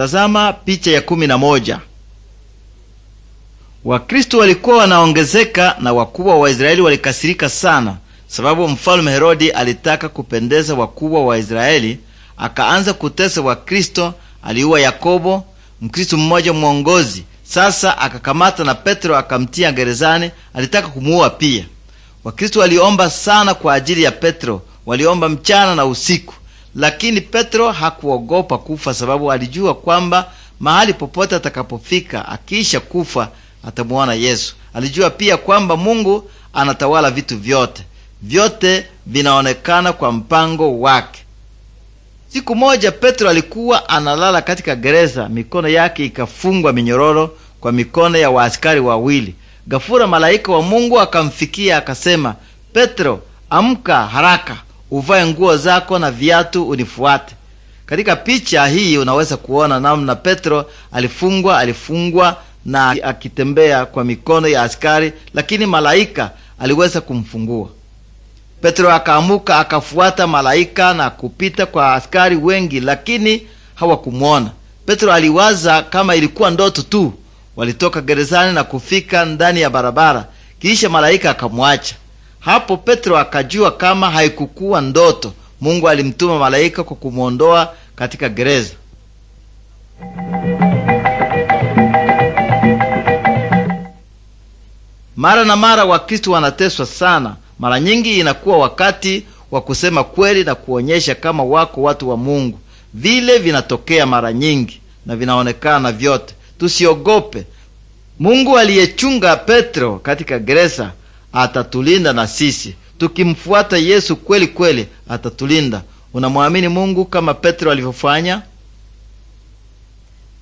Tazama picha ya kumi na moja. Wakristo walikuwa wanaongezeka na wakubwa wa Israeli walikasirika sana, sababu mfalme Herodi alitaka kupendeza wakubwa wa Israeli, akaanza kutesa Wakristo. Aliua Yakobo, Mkristo mmoja mwongozi. Sasa akakamata na Petro akamtia gerezani, alitaka kumuua pia. Wakristo waliomba sana kwa ajili ya Petro, waliomba mchana na usiku. Lakini Petro hakuogopa kufa, sababu alijua kwamba mahali popote atakapofika akiisha kufa atamuona Yesu. Alijua pia kwamba Mungu anatawala vitu vyote, vyote vinaonekana kwa mpango wake. Siku moja Petro alikuwa analala katika gereza, mikono yake ikafungwa minyororo kwa mikono ya waaskari wawili. Gafura malaika wa Mungu akamfikia akasema, Petro, amka haraka uvae nguo zako na viatu unifuate. Katika picha hii unaweza kuona namna Petro alifungwa, alifungwa na akitembea kwa mikono ya askari, lakini malaika aliweza kumfungua. Petro akaamuka akafuata malaika na kupita kwa askari wengi, lakini hawakumwona Petro. Aliwaza kama ilikuwa ndoto tu. Walitoka gerezani na kufika ndani ya barabara, kisha malaika akamwacha. Hapo Petro akajua kama haikukuwa ndoto. Mungu alimtuma malaika kwa kumwondoa katika gereza. Mara na mara Wakristo wanateswa sana. Mara nyingi inakuwa wakati wa kusema kweli na kuonyesha kama wako watu wa Mungu. Vile vinatokea mara nyingi na vinaonekana vyote. Tusiogope. Mungu aliyechunga Petro katika gereza atatulinda na sisi. Tukimfuata Yesu kweli kweli, atatulinda. Unamwamini Mungu kama Petro alivyofanya?